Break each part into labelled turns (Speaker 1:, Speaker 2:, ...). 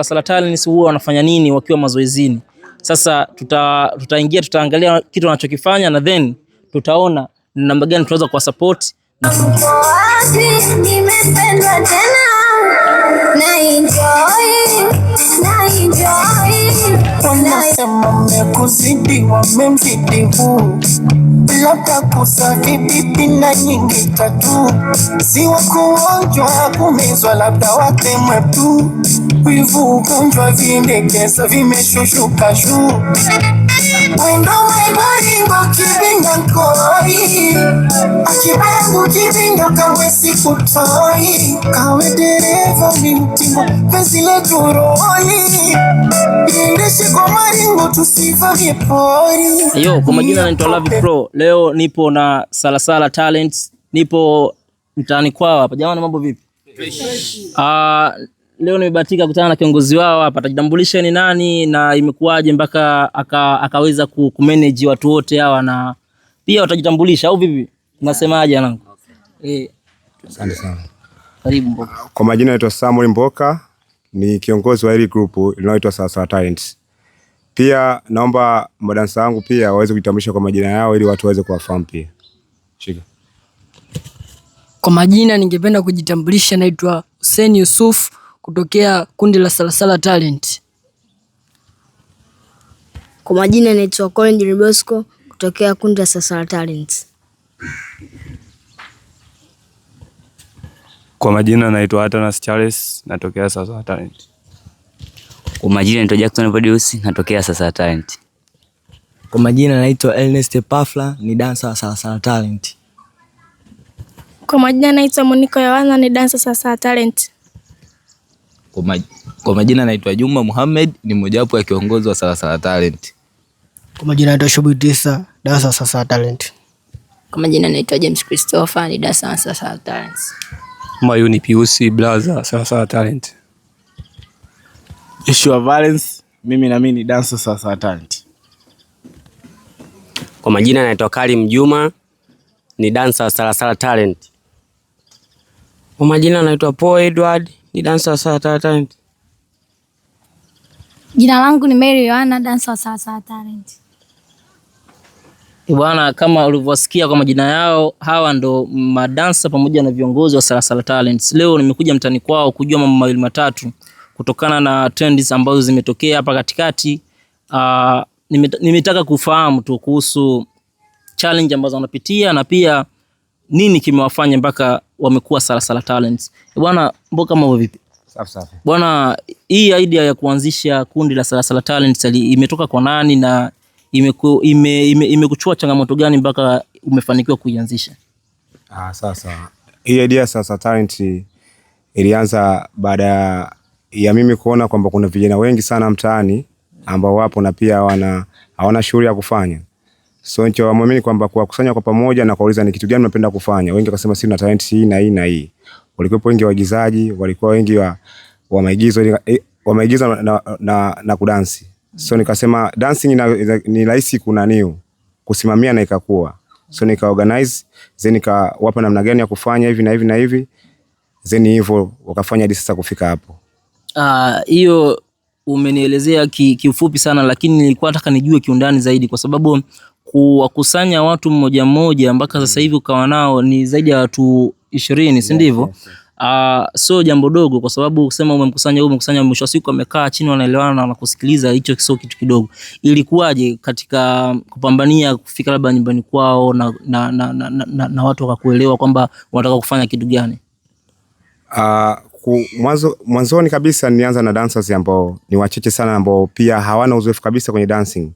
Speaker 1: Salatalins huwa wanafanya nini wakiwa mazoezini. Sasa tuta, tutaingia tutaangalia kitu wanachokifanya na then tutaona ni namna gani tunaweza
Speaker 2: tena na wamekuzidi wamemzidi huu labda kusali bibi na nyingi tatu si wakuonjwa kumezwa labda watemwe tu wivu ugonjwa vindekesa vimeshushuka juu
Speaker 1: Ukirasmu kijinga kawe sikutoi, kawe dereva mi mtima pezile turoi iendeshe kwa maringo tusivamie pori. Yo, kwa majina naitwa Lavi Pro. Leo nipo na Salasala Talents, nipo mtaani kwao hapa. Jamani, mambo vipi? Ah, leo nimebahatika kutana na kiongozi wao hapa. Atajitambulisha ni nani na imekuwaje mpaka akaweza aka kumanage watu wote hawa, na pia watajitambulisha au vipi? Unasemaje wanangu?
Speaker 3: Eh.
Speaker 4: Asante sana. Karibu Mboka. Kwa majina naitwa Samuel Mboka, ni kiongozi wa hili group linaloitwa Sawasawa Talents. Pia naomba madansa wangu pia waweze kujitambulisha kwa majina yao ili watu waweze kuwafahamu pia. Shika.
Speaker 5: Kwa majina ningependa kujitambulisha, naitwa Hussein Yusuf kutokea kundi la Salasala Talent.
Speaker 6: Kwa majina naitwa Colin Ribosco kutokea kundi la Salasala Talents.
Speaker 7: Kwa majina naitwa Atanas Charles, natokea Sasa Talent.
Speaker 8: Kwa majina naitwa Jackson Produce, natokea Sasa Talent.
Speaker 9: Kwa majina naitwa Ernest Pafla, ni dansa wa Sasa Talent.
Speaker 10: Kwa majina naitwa Monica Yohana, ni dansa Sasa Talent.
Speaker 11: Kwa majina naitwa Juma Muhammad, ni mojawapo ya kiongozi wa Sasa Talent.
Speaker 12: Kwa majina naitwa Shubi Tisa, dansa Sasa Talent.
Speaker 13: Kwa majina naitwa James Christopher, ni dasa wa Sawasawa Talents.
Speaker 14: Mayuni Piusi, blaza Sasa Sasa Talent.
Speaker 15: Joshua Valence, mimi na mimi ni dansa Sasa Talent.
Speaker 16: Kwa majina naitwa Karim Juma, ni dansa wa Sasa Talent.
Speaker 17: Kwa majina naitwa Paul Edward, ni dansa wa Sasa Talent.
Speaker 18: Jina langu ni Mary Yohana, dansa wa Sasa Talent.
Speaker 1: Eh, bwana, kama ulivyosikia kwa majina yao, hawa ndo madansa pamoja na viongozi wa Salasala Talents. Leo nimekuja mtani kwao kujua mambo mawili matatu kutokana na trends ambazo zimetokea hapa katikati. Uh, nimetaka kufahamu tu kuhusu challenge ambazo wanapitia na pia nini kimewafanya mpaka wamekuwa Salasala Talents. Eh, bwana mbona kama hivyo vipi? Safi safi. Bwana, hii idea ya kuanzisha kundi la Salasala Talents imetoka kwa nani na imekuchua ime, ime, ime changamoto gani mpaka umefanikiwa kuianzisha?
Speaker 4: Ah, sasa hii idea sasa talent ilianza baada ya mimi kuona kwamba kuna vijana wengi sana mtaani ambao wapo na pia hawana hawana shughuli ya kufanya. So nicho waamini kwamba kuwakusanya kwa pamoja na kuuliza ni kitu gani mnapenda kufanya. Wengi wakasema sisi tuna talent hii na hii na hii. Walikuwa wengi waigizaji, walikuwa wengi wa, wa maigizo eh, wa maigizo na, na, na, na kudansi. So nikasema dancing ni rahisi kunaniu kusimamia na ikakuwa. So nikaorganize, then nikawapa namna gani ya kufanya hivi na hivi na hivi, then hivyo wakafanya hadi sasa kufika hapo.
Speaker 1: Ah, hiyo uh, umenielezea kiufupi ki sana, lakini nilikuwa nataka nijue kiundani zaidi, kwa sababu kuwakusanya watu mmoja mmoja mpaka sasa hivi ukawa nao ni zaidi ya watu ishirini, si ndivyo? Yes, yes uh, sio jambo dogo, kwa sababu kusema umemkusanya huyu umemkusanya, mwisho siku amekaa chini, wanaelewana na wanakusikiliza, hicho sio kitu kidogo. Ilikuwaje katika kupambania kufika labda nyumbani kwao na, na, na, na, na, na watu wakakuelewa kwamba wanataka kufanya kitu gani?
Speaker 4: Uh, mwanzo mwanzoni kabisa nianza na dancers ambao ni wachache sana, ambao pia hawana uzoefu kabisa kwenye dancing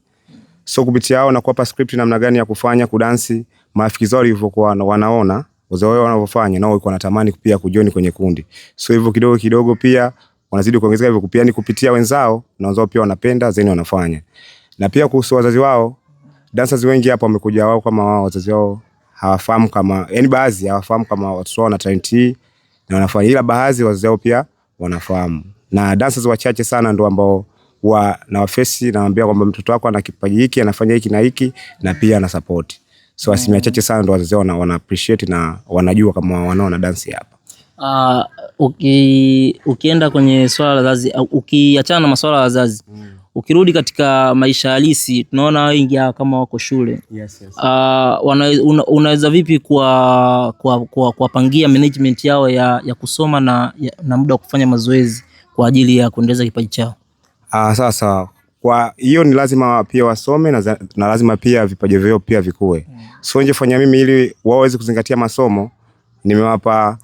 Speaker 4: so kupitia hao na kuwapa script namna gani ya kufanya kudansi, marafiki zao walivyokuwa wanaona uzoea wanavyofanya nao walikuwa wanatamani pia kujoin kwenye kundi. So hivyo kidogo kidogo pia wanazidi kuongezeka hivyo kupiani kupitia wenzao na wenzao pia wanapenda zeni wanafanya. Na pia kuhusu wazazi wao, dancers wengi hapa wamekuja wao kama wao wazazi wao hawafahamu kama yani, baadhi hawafahamu kama watoto wao na talent na wanafanya, ila baadhi wazazi wao pia wanafahamu. Na dancers wachache sana ndio ambao wa na wafesi naambia kwamba mtoto wako ana kipaji hiki anafanya hiki na hiki na pia ana support so asilimia chache sana ndo wazazi wana, wana appreciate na wanajua kama wanao na dansi hapa.
Speaker 1: Uh, uki, ukienda kwenye swala la wazazi, ukiachana na maswala ya wazazi mm. Ukirudi katika maisha halisi tunaona wengi kama wako shule yes, yes. Uh, una, unaweza vipi kuwapangia kwa, kwa, kwa management yao ya, ya kusoma na, ya, na muda wa kufanya mazoezi kwa ajili ya kuendeleza kipaji chao?
Speaker 4: Uh, ah, sawa sawa kwa hiyo ni lazima pia wasome na, na lazima pia vipaji vyao pia vikue. Mm. So fanya mimi ili waweze kuzingatia masomo, nimewapa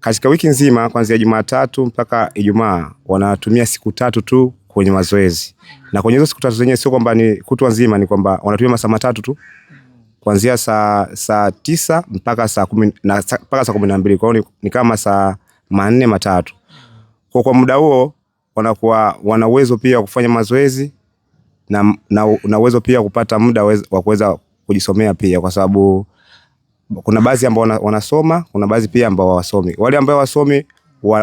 Speaker 4: katika wiki nzima kuanzia Jumatatu mpaka Ijumaa wanatumia siku tatu tu kwenye mazoezi. Na kwenye hizo siku tatu zenyewe sio kwamba ni kutwa nzima, ni kwamba wanatumia masaa matatu tu kuanzia saa saa tisa mpaka saa kumi na mpaka saa kumi na mbili. Kwa hiyo ni kama saa manne matatu. Kwa kwa muda huo wanakuwa wana uwezo pia wa kufanya mazoezi na, na, na uwezo pia kupata muda wa kuweza kujisomea pia, kwa sababu kuna baadhi ambao wanasoma, kuna baadhi pia ambao hawasomi. Wale ambao hawasomi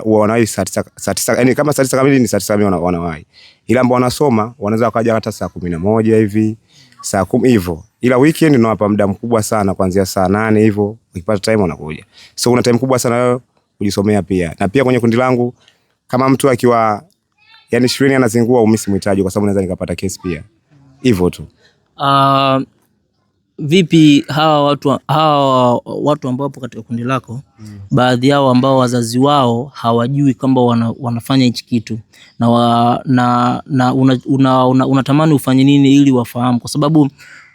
Speaker 4: wanawahi saa tisa, yani kama saa tisa kamili ni saa tisa kamili wanawahi, ila ambao wanasoma wanaweza wakaja hata saa kumi na moja hivi saa kumi hivyo, ila weekend nawapa muda mkubwa sana kuanzia saa nane hivyo, ukipata time unakuja. So una time kubwa sana wewe kujisomea pia, na pia kwenye kundi langu kama mtu akiwa yani shuleni anazingua mimi mhitaji, kwa sababu naweza nikapata kesi pia, hivyo tu.
Speaker 1: Uh, vipi hawa watu, hawa watu ambao wapo katika kundi lako mm. baadhi yao ambao wazazi wao hawajui kwamba wana, wanafanya hichi kitu na, wa, na, na unatamani una, una, una ufanye nini ili wafahamu, kwa sababu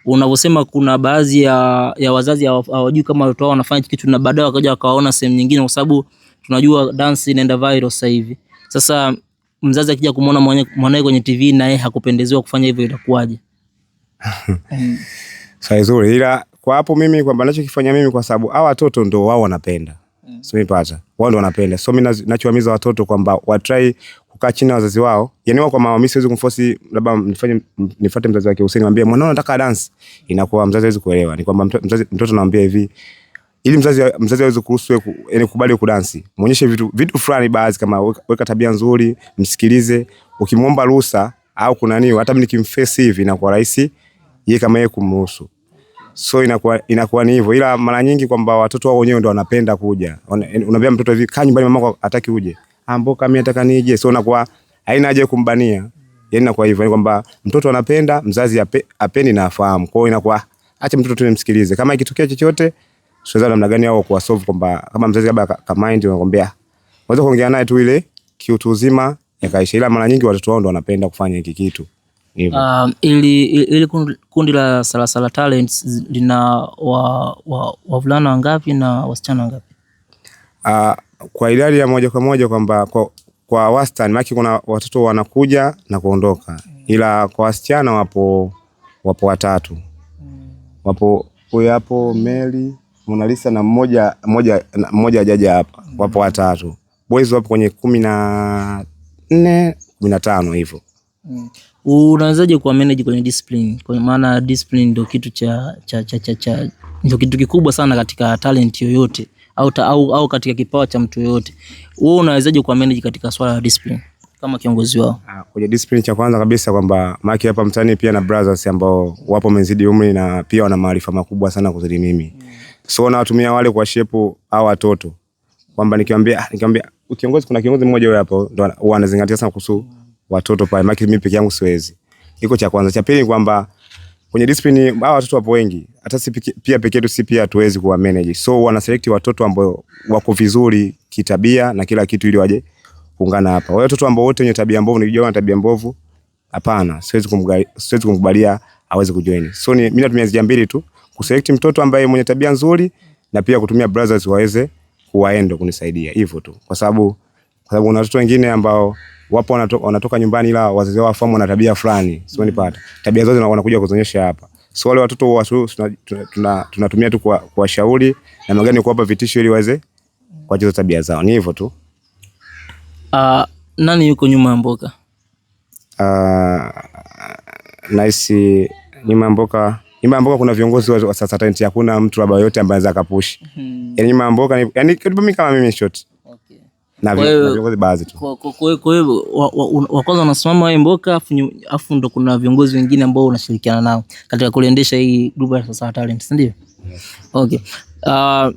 Speaker 1: unavyosema kuna baadhi ya, ya wazazi hawajui kama watoto wao wanafanya hichi kitu na baadaye wakaja wakawaona sehemu nyingine, kwa sababu tunajua dance inaenda viral sasa hivi. Sasa mzazi akija kumwona mwanae kwenye TV naye hakupendezewa kufanya hivyo, itakuwaje?
Speaker 4: Swali zuri, ila kwa hapo mimi kwamba nachokifanya mimi, kwa sababu hawa watoto ndo wao wanapenda mm. so mipata wao ndo wanapenda so mi nachoamiza watoto kwamba watrai kukaa chini na wazazi wao, yani wao kwa mama, mimi siwezi labda nifanye nifuate mzazi wake Hussein, mwambie mwanao nataka dance, inakuwa mzazi hawezi kuelewa. Ni kwamba mzazi mtoto anamwambia hivi ili mzazi mzazi aweze kuruhusu eh, yani kukubali kudansi, muonyeshe vitu vitu fulani baadhi, kama weka tabia nzuri, msikilize. Ukimwomba ruhusa au kuna nini, hata mimi nikimface hivi inakuwa rahisi yeye kama yeye kumruhusu, so inakuwa inakuwa ni hivyo, ila mara nyingi kwamba watoto wao wenyewe ndio wanapenda kuja. Unaambia mtoto hivi, kaa nyumbani, mamako hataki uje, amboka ah, mimi nataka nije, so inakuwa haina haja kumbania, yani inakuwa hivyo kwamba mtoto anapenda, mzazi apendi na afahamu. Kwa hiyo inakuwa ah, acha mtoto tu nimsikilize, kama ikitokea chochote shida namna gani au kuwa solve, kwamba kama mzazi labda kamind, unakwambia unaweza kuongea naye tu ile kiutu uzima yakaisha, ila mara nyingi watoto wao ndo wanapenda kufanya hiki kitu.
Speaker 1: Um, ili, ili kundi la Salasala Talents lina wavulana wa, wa wangapi na wasichana wangapi?
Speaker 4: Uh, kwa idadi ya moja kwa moja kwamba kwa, kwa wastani maki kuna watoto wanakuja na kuondoka, ila kwa wasichana wapo wapo watatu, mm. wapo huyo hapo Meli Mona Lisa na mmoja mmoja mmoja ajaja hapa, mm. wapo watatu boys, wapo kwenye kumi na nne kumi na tano hivyo. Mm.
Speaker 1: Unawezaje kuwa manage kwenye discipline? Kwa maana discipline ndio kitu cha, cha, cha, cha, cha ndio kitu kikubwa sana katika talent yoyote au, ta, au, au katika kipawa cha mtu yoyote. Wewe unawezaje kuwa manage katika swala la discipline kama kiongozi wao?
Speaker 4: Ah, kwenye discipline, cha kwanza kabisa kwamba maki hapa mtani pia na brothers ambao wapo mezidi umri na pia wana maarifa makubwa sana kuzidi mimi. Mm. So nawatumia wale kwa shepu au watoto kwamba nikiwambia, ah, nikiwambia kiongozi, kuna kiongozi mmoja huyo hapo ndo wanazingatia sana kuhusu watoto pale, maana mimi peke yangu siwezi. Iko cha kwanza. Cha pili kwamba kwenye discipline hawa watoto wapo wengi, hata si pia peke yetu, si pia tuwezi kuwa manage. So wana select watoto ambao wako vizuri kitabia na kila kitu, ili waje kuungana hapa. Wale watoto ambao wote wenye tabia mbovu, nilijua wana tabia mbovu, hapana, siwezi kumkubalia aweze kujoin. So ni mimi natumia njia mbili tu kuselect mtoto ambaye mwenye tabia nzuri na pia kutumia brothers waweze kuwaendo kunisaidia hivyo tu, kwa sababu kwa sababu kuna watoto wengine ambao wapo wanatoka, wanatoka nyumbani ila wazazi wao wafahamu wana tabia fulani, sio nipata tabia zote wanakuja kuzionyesha hapa. So wale watoto wa tunatumia tuna, tuna tu kuwashauri na magani kuwapa vitisho ili waweze kuacha tabia zao. Ni hivyo tu.
Speaker 1: Uh, nani yuko nyuma ya Mboka?
Speaker 4: Uh, naisi nyuma ya Mboka nyuma mboka kuna viongozi wa sasa tenti, hakuna mtu ambaye yote ambaye anaweza kupush. Mhm. Yani nyuma mboka, yani mimi kama mimi short na viongozi baadhi tu.
Speaker 1: Kwa hiyo kwa hiyo wa kwanza unasimama wewe Mboka, afu ndo kuna viongozi wengine ambao unashirikiana nao katika kuendesha hii group ya sasa talent, si ndio? Okay. Uh,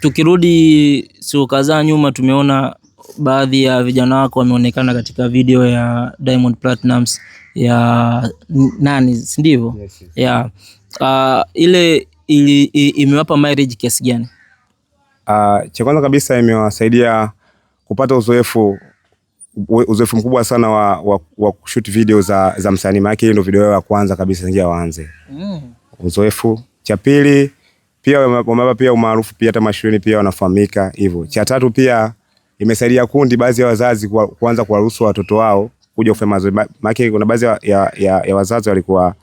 Speaker 1: tukirudi siku kadhaa nyuma tumeona baadhi ya vijana wako wameonekana katika video ya Diamond Platnumz ya nani, si ndivyo? Yes, yes. Uh, ile ili, imewapa mileage kiasi gani?
Speaker 4: Uh, cha kwanza kabisa imewasaidia kupata uzoefu uzoefu mkubwa sana wa, wa, wa shoot video za, za msanii maanake ndio video yao ya kwanza kabisa ngia waanze mm. Uzoefu. Cha pili pia wamewapa pia umaarufu pia hata mashuleni pia wanafahamika hivyo. Cha tatu pia imesaidia kundi baadhi ya wazazi kuanza kuwaruhusu watoto wao kuja kufanya mazoezi. Maana kuna baadhi ya, ya, ya wazazi walikuwa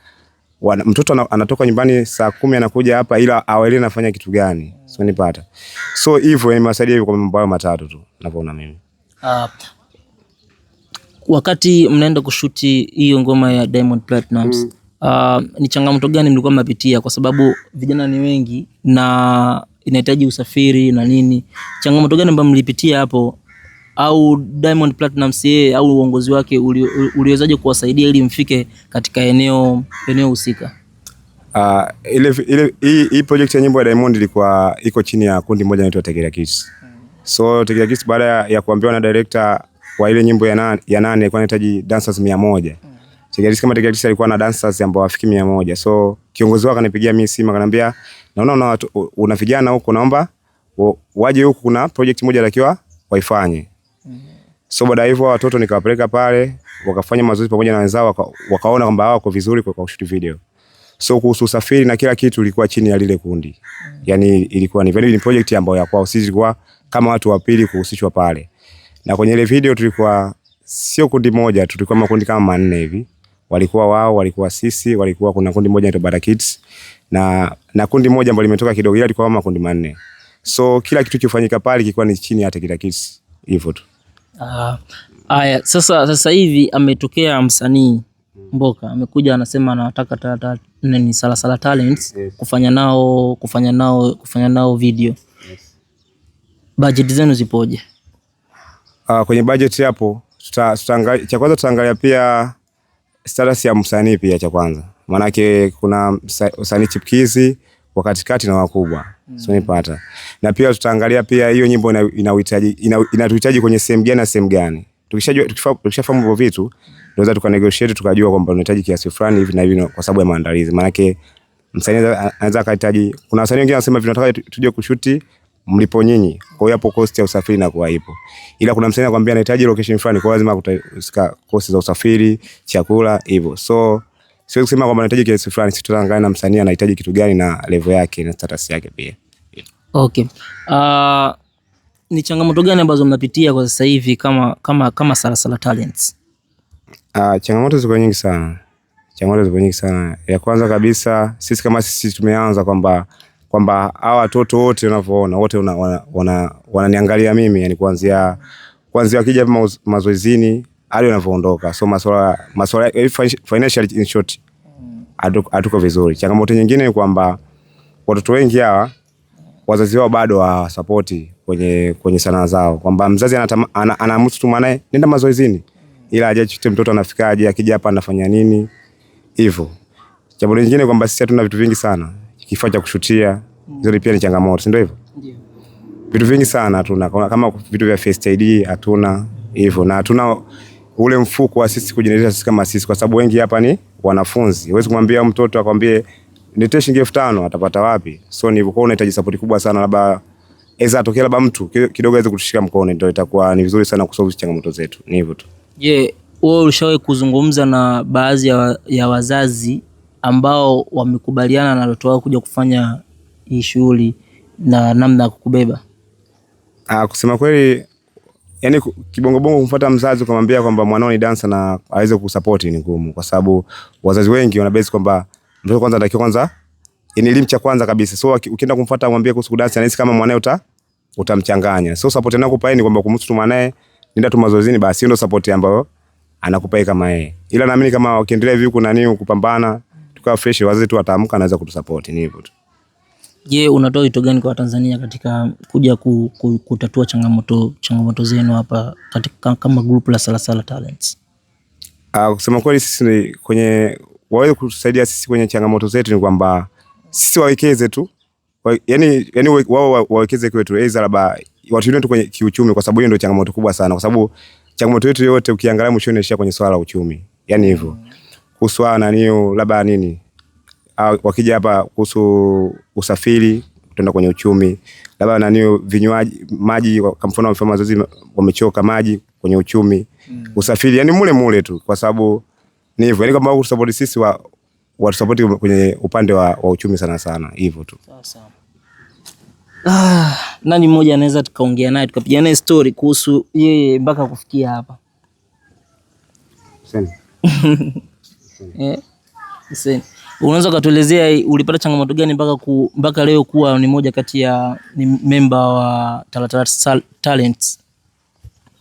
Speaker 4: wa, mtoto anatoka nyumbani saa kumi anakuja hapa ila awali anafanya kitu gani? Sio nipata. So hivyo nimewasaidia hivyo kwa mambo hayo matatu tu ninavyoona mimi.
Speaker 1: Uh, wakati mnaenda kushuti hiyo ngoma ya Diamond Platnumz mm. Uh, ni changamoto gani mlikuwa mnapitia? Kwa sababu vijana ni wengi na inahitaji usafiri na nini, changamoto gani ambayo mlipitia hapo au Diamond Platnumz yeye au uongozi wake uli, uliwezaje kuwasaidia ili mfike katika eneo eneo husika?
Speaker 4: Uh, ile, ile, hii, hii project ya nyimbo ya Diamond ilikuwa iko chini ya kundi moja inaitwa Tegera Kids. So Tegera Kids baada ya, ya kuambiwa na director wa ile nyimbo ya nane, ya nane ilikuwa inahitaji dancers 100. moja. Tegera Kids kama Tegera Kids alikuwa na dancers ambao wafiki 100. So kiongozi wake akanipigia mimi simu akaniambia, naona una, una vijana huko, naomba waje huku, kuna project moja takiwa waifanye So baada ya hivyo watoto nikawapeleka pale wakafanya mazoezi pamoja na wenzao waka, wakaona kwamba hao wako vizuri kwa kushoot video. So kuhusu usafiri na kila kitu ilikuwa chini ya lile kundi. Yaani ilikuwa ni vile ni project ambayo ya kwao sisi kwa kama watu wa pili kuhusishwa pale. Na kwenye ile video tulikuwa sio kundi moja, tulikuwa makundi kama manne hivi. Walikuwa wao, walikuwa sisi, walikuwa kuna kundi moja inaitwa Bara Kids na na kundi moja ambalo limetoka kidogo ila ilikuwa kama makundi manne. So kila kitu kifanyika pale kilikuwa ni chini ya Tekita Kids hivyo tu.
Speaker 1: Ah, haya, sasa sasa hivi ametokea msanii Mboka amekuja anasema anataka tata nini Salasala Talents yes. kufanya nao kufanya nao kufanya nao video yes. Budget zenu zipoje?
Speaker 4: Uh, kwenye budget hapo tuta, cha kwanza tutaangalia pia status ya msanii pia cha kwanza, maanake kuna msanii chipkizi wa katikati na wakubwa Mm. So nipata. Na pia tutaangalia pia hiyo nyimbo inahitaji inatuhitaji kwenye sehemu gani na sehemu gani. Tukishajua tukishafahamu hivyo vitu, tunaweza tukanegotiate tukajua kwamba tunahitaji kiasi fulani hivi na hivi kwa sababu ya maandalizi. Maana yake msanii anaweza akahitaji, kuna wasanii wengine wanasema tunataka tuje kushuti mlipo nyinyi. Kwa hiyo hapo cost ya usafiri inakuwa ipo. Ila kuna msanii anakuambia anahitaji location fulani, kwa hiyo lazima utahusika cost za usafiri, chakula, hivyo. So siwezi kusema kwamba anahitaji kiasi fulani, sisi tutaangalia na msanii anahitaji kitu gani na level yake na status yake pia.
Speaker 1: Okay. Uh, ni changamoto gani ambazo mnapitia kwa sasa hivi kama kama kama Salasala Talents?
Speaker 4: Ah, uh, changamoto ziko nyingi sana. Changamoto ziko nyingi sana. Ya kwanza kabisa sisi kama sisi tumeanza kwamba kwamba hawa watoto wote unavyoona wote wananiangalia wana, wana mimi yani kuanzia kuanzia wakija mazoezini hadi wanavyoondoka. So masuala masuala eh, financial in short hatuko vizuri. Changamoto nyingine ni kwamba watoto wengi hawa wazazi wao bado wasapoti kwenye, kwenye sanaa zao, kwamba mzazi anaamuru tu mwanae nenda mazoezini, ila hajachute mtoto anafikaje, akija hapa anafanya nini hivyo. Jambo lingine kwamba sisi hatuna vitu vingi sana, kifaa cha kushutia hizo pia ni changamoto, si ndio? Hivyo vitu vingi sana hatuna, kama vitu vya first aid hatuna hivyo, na hatuna ule mfuko wa sisi kujiendeleza sisi kama sisi, kwa sababu wengi hapa ni wanafunzi. Huwezi kumwambia mtoto akwambie nitoe shilingi elfu tano atapata wapi? So ni kwa unahitaji support kubwa sana, labda aidha atokea labda mtu kidogo aweze kutushika mkono, ndio itakuwa ni vizuri sana kusolve changamoto zetu. Ni hivyo tu.
Speaker 1: Je, wewe ulishawahi kuzungumza na baadhi ya, ya wazazi ambao wamekubaliana na watoto wao kuja kufanya hii shughuli na namna ya kukubeba?
Speaker 4: Ah, kusema kweli yani kibongobongo kumfuata mzazi kumwambia kwamba mwanao ni dansa na aweze kusupport ni ngumu, kwa sababu wazazi wengi wanabesi kwamba ndio kwanza ndio kwanza ni elimu cha kwanza kabisa. So ukienda kumfuata mwambie kuhusu kudansi anahisi kama mwanae uta utamchanganya. So support anakupa yeye ni kwamba kumhusu tu mwanae, nenda tu mazoezini basi, ndio support ambayo anakupa kama yeye. Ila naamini kama ukiendelea hivi huko nini kupambana, tukawa fresh, wazee tu wataamka anaweza kutusupport ni hivyo tu.
Speaker 1: Je, unatoa wito gani kwa Watanzania katika kuja ku, ku, kutatua changamoto changamoto zenu hapa katika kama group la Salasala Talents?
Speaker 4: Ah, kusema kweli sisi kwenye waweze kutusaidia sisi kwenye changamoto zetu, ni kwamba sisi wawekeze tu wa, yani, yani wao wawekeze kwetu, aidha labda watu kwenye kiuchumi, kwa sababu hiyo ndio changamoto kubwa sana, kwa sababu changamoto yetu yote ukiangalia mwisho inaishia kwenye swala la uchumi, yani hivyo kuhusu nani labda nini wakija hapa kuhusu usafiri tutaenda kwenye uchumi, labda nani vinywaji, maji, kwa mfano wamefanya mazoezi wamechoka, maji kwenye uchumi mm. Usafiri yani mule mule tu, kwa sababu ni hivyo, yaani kama kusapoti sisi wa watusapoti kwenye upande wa, wa uchumi sana sana, hivyo tu
Speaker 1: sawa sawa. Ah, nani mmoja anaweza tukaongea naye tukapiga naye story kuhusu yeye mpaka kufikia hapa yeah. Eh, Unaweza ukatuelezea ulipata changamoto gani mpaka ku, mpaka leo kuwa ni moja kati ya ni memba wa Talatala Talents?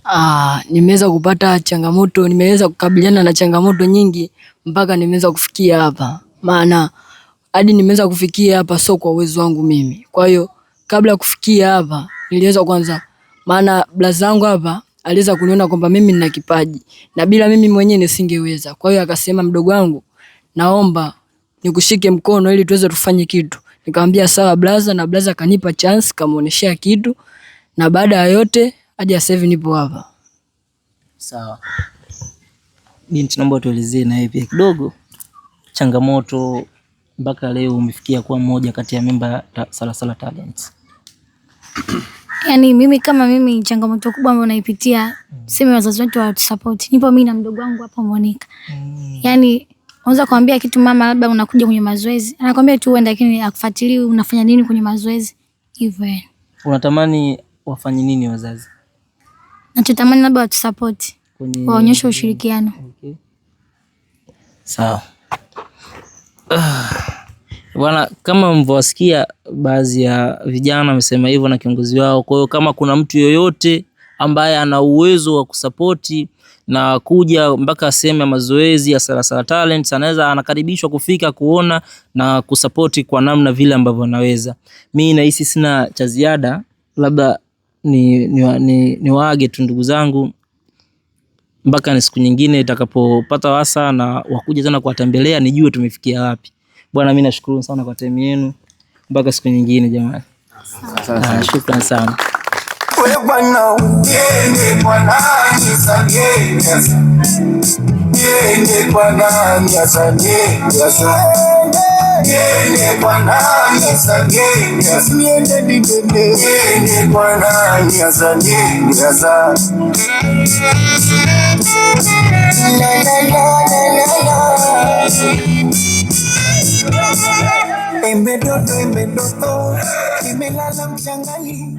Speaker 6: Ah, nimeweza kupata changamoto, nimeweza kukabiliana na changamoto nyingi mpaka nimeweza kufikia hapa. Maana hadi nimeweza kufikia hapa sio kwa uwezo wangu mimi. Kwa hiyo kabla kufikia hapa niliweza kwanza, maana blaza yangu hapa aliweza kuniona kwamba mimi nina kipaji na bila mimi mwenyewe nisingeweza. Kwa hiyo akasema, mdogo wangu, naomba nikushike mkono ili tuweze tufanye kitu. Nikamwambia sawa blaza, na blaza kanipa chance, kamuoneshea kitu na baada ya yote hadi sasa hivi nipo hapa.
Speaker 1: Sawa binti, naomba tuelezee na wewe pia kidogo changamoto mpaka leo umefikia kuwa mmoja kati ya memba ya ta, Salasala Talents.
Speaker 10: Yani mimi kama mimi, changamoto kubwa ambayo naipitia mm. sema wazazi wetu hawatusapoti. Nipo mimi na mdogo wangu hapa Monica mm. yaani unaweza kuambia kitu mama, labda unakuja kwenye mazoezi, anakuambia tu uende, lakini akufuatilii unafanya nini kwenye mazoezi hivyo. Yaani.
Speaker 1: Unatamani wafanye nini wazazi?
Speaker 10: Nachotamani labda watusapoti waonyeshe ushirikiano. Okay.
Speaker 1: Sawa bwana. Uh, kama mvyowasikia baadhi ya vijana wamesema hivyo na kiongozi wao. Kwa hiyo kama kuna mtu yoyote ambaye ana uwezo wa kusapoti na kuja mpaka sehemu ya mazoezi ya Salasala Talents anaweza anakaribishwa kufika kuona na kusapoti kwa namna vile ambavyo anaweza. Mi nahisi sina cha ziada, labda ni waage tu ndugu zangu mpaka ni siku nyingine itakapopata wasa na wakuja tena kuwatembelea, nijue tumefikia wapi. Bwana, mimi nashukuru sana kwa time yenu, mpaka siku nyingine jamani, shukrani sana. Ah, Yeye Bwana nisaidie, usiniende didede. Yeye Bwana nisaidie. La la la la la la. Imedoto imedoto, imelala mchangani